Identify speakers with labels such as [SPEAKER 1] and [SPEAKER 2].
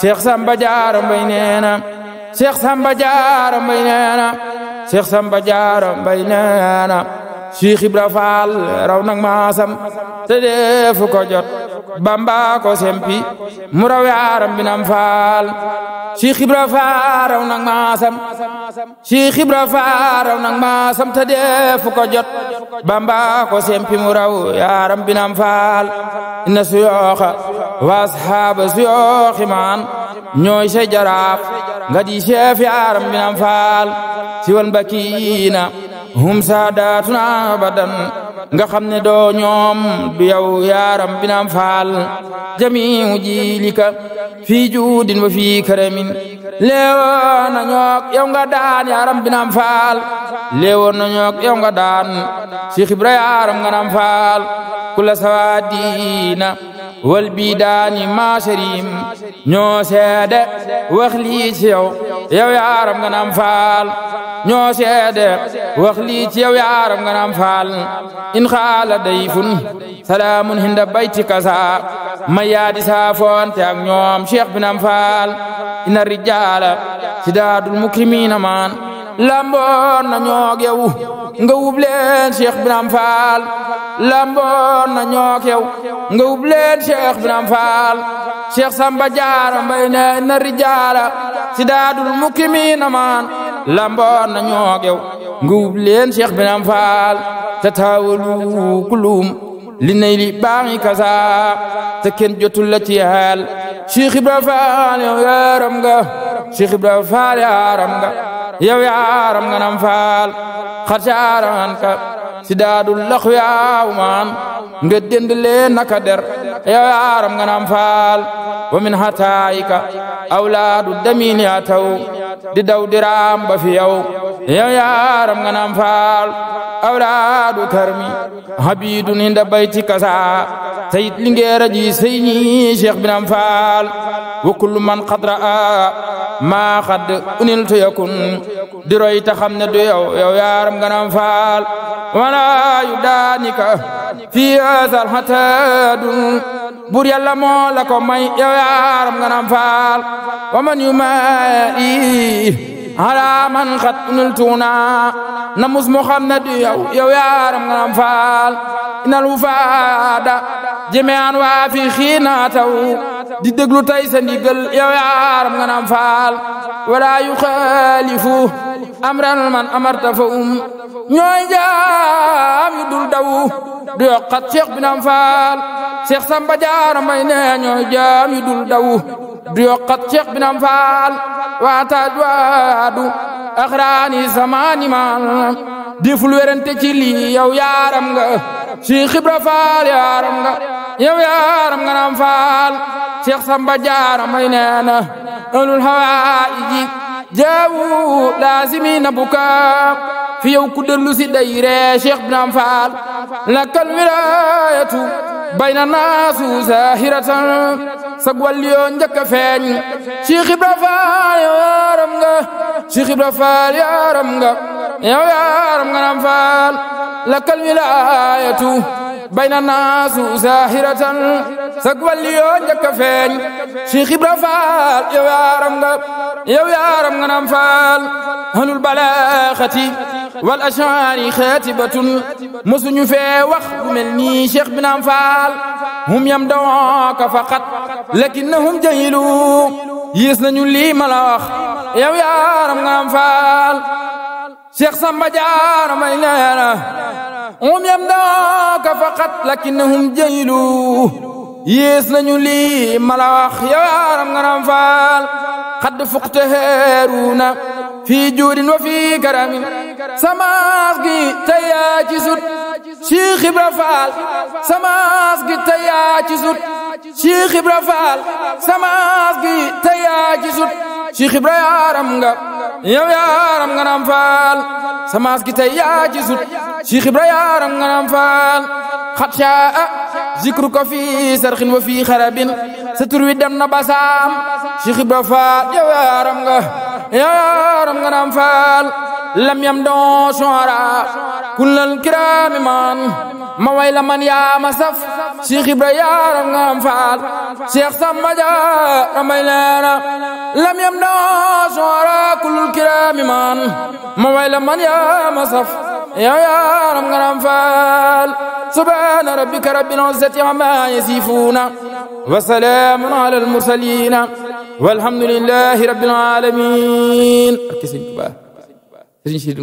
[SPEAKER 1] Cheikh Samba Diarra Mbaye nee na Samba Diarra Mbaye nee na Samba Diarra Mbaye nee na Cheikh Ibra raw nag maasam te defu ko jot sempi mu rawe aaram binam Fall Cheikh Ibra Fall raw raw nag maasam te defu ko jot sempi mu raw yaaram binam Fall inna suyooxa واصحاب سيوخ مان ñooy say jaraaf nga di chef yaaram binam faal si wan bakiina hum saadaatuna abadan nga xam ne doo ñoom du yow yaaram binam faal jamiu jiilika fii juudin wa fii karamin léewoon na ñook yow nga daan yaaram binam faal léewoon na ñook yow nga daan si xibra yaaram nga nam faal kula sawaadiina wal bii daani maasariim ñoo seede wax lii ci yow nga naam faal ñoo seede wax lii ci yow nga naam faal in xaala dayfun salaamun hinda baytika saa ma yaadi saa ak ñoom cheikh bi naam faal ina rijaala sidaadul mukrimiina maan lamboon na ñoog yow nga wub leen cheikh bi naam na ñoog yow nga wub leen cheikh Birame Fall cheikh Samba Diarra mbay ne na rijaala si daadul mukki mi namaan lamboon na ñoogew nga wub leen cheikh Birame Fall te taawalu li nay li baaxi kasa te kenn jotul la ci xel cheikh Ibrahima Fall yow yaaram nga cheikh Ibrahima Fall yaaram nga yow yaaram nga nam Fall xar ca aaraan ka si daadul lax yaaw maam nga dend leen naka der yow yaaram nga naam wa min hataayika awlaadu damin yaa taw di daw diraam ba fi yow yow nga naam awlaadu karmi habidun inda bayti kasa sayit lingeera ji seyni cheikh bi naam faal wa kullu man xadra maa xad unil tu yakun di roy ta xam ne du yow nga naam wala yu daanika fii asal xataadun bur yàlla moo la ko may yow yaaram nga naam faal wa man yu mayi ala man xat nul tuuna na mus mu xam ne du yow yow yaaram nga naam faal inal wufaada jëmean waa fi xiina taw di déglu tay sa ndigal yow yaaram nga naam faal wala yu xaalifu amran man amarta fa um ñooy jaam yu dul daw du yokkat Cheikh Binam Fall Cheikh Samba Diarra Mbaye nee ñooy jaam yu dul daw du yokkat Cheikh Binam Fall waa taaj waadu axraani samaani maal diful werante ci lii yow yaaram nga Cheikh Ibra Fall yaaram nga yow yaaram nga naam Fall Cheikh Samba Diarra Mbaye na alul hawaaji jaawu laasimi na bukaa fi yow ku dellu si dayre Cheikh Birahim Fall lakkal wilaayatu bayna naasu sag wàll yoo njëkk a feeñ Cheikh Ibra yaaram nga Cheikh Ibra Fall yaaram nga yow yaaram nga naam Fall lakkal wilaayatu bayna naasu zahiratan sag wàll yoo njëkk a feeñ Cheikh Ibra Faal yow yaaram nga yow yaaram nga naam faal halul balaaxati wal ashari xaatibatun mosuñu fee wax bu mel nii cheikh bi naam faal hum yam dawooka faqat lakinnahum jahilu yées nañu lii ma la wax yow yaaram nga naam faal cheikh samba jaara may leena hum yamdaaka faqat lakinnahum jaylu yées nañu lii mala wax yawaaram ngaram faal xadd fuqtaheeruuna fii juudin wa fii karamin samaas gi tayaa ci sut Cheikh Ibra Faal samaas gi tayaa ci sut Cheikh Ibra Faal samaas gi tayaa ci sut Cheikh Ibra yaaram nga yow yaaram ngaram faal samaas gi tayaa ci sut Cheikh Ibra yaaram nga naam faal xat caa zikru ko fii sarxin wa fii xarabin sa tur wi dem na basaam Cheikh Ibra faal yow yaaram nga yaaram nga naam faal lam yam doon soora kullal kiraami man ma way la man yaa ma saf Cheikh Ibra yaaram nga naam faal Cheikh Samba Dia damay leena lam yam doon soora kullal kiraami man ma way la man yaa ma saf yow yaaram nga naam faal subhaana rabbika rabbil izzati ammaa yasifuuna wa salaamun alal mursaliina walhamdulillahi rabbil aalamiin